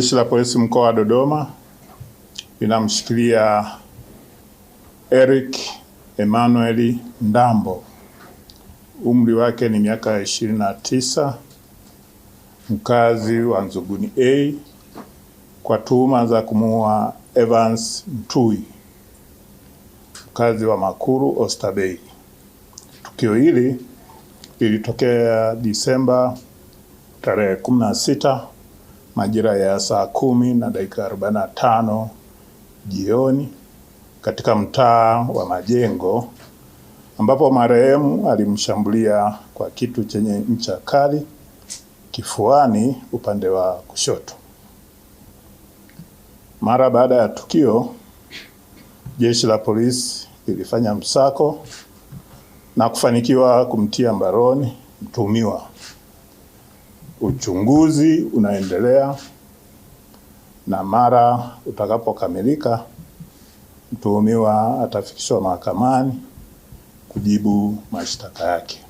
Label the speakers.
Speaker 1: Jeshi la Polisi mkoa wa Dodoma linamshikilia Eric Emmanuel Ndambo, umri wake ni miaka ishirini na tisa, mkazi wa Nzuguni A kwa tuhuma za kumuua Evans Mtui, mkazi wa Makuru bay Tukio hili lilitokea Disemba tarehe kumi majira ya saa kumi na dakika arobaini na tano jioni katika mtaa wa Majengo ambapo marehemu alimshambulia kwa kitu chenye ncha kali kifuani upande wa kushoto. Mara baada ya tukio, jeshi la polisi lilifanya msako na kufanikiwa kumtia mbaroni mtuhumiwa uchunguzi unaendelea, na mara utakapokamilika, mtuhumiwa atafikishwa mahakamani kujibu mashtaka yake.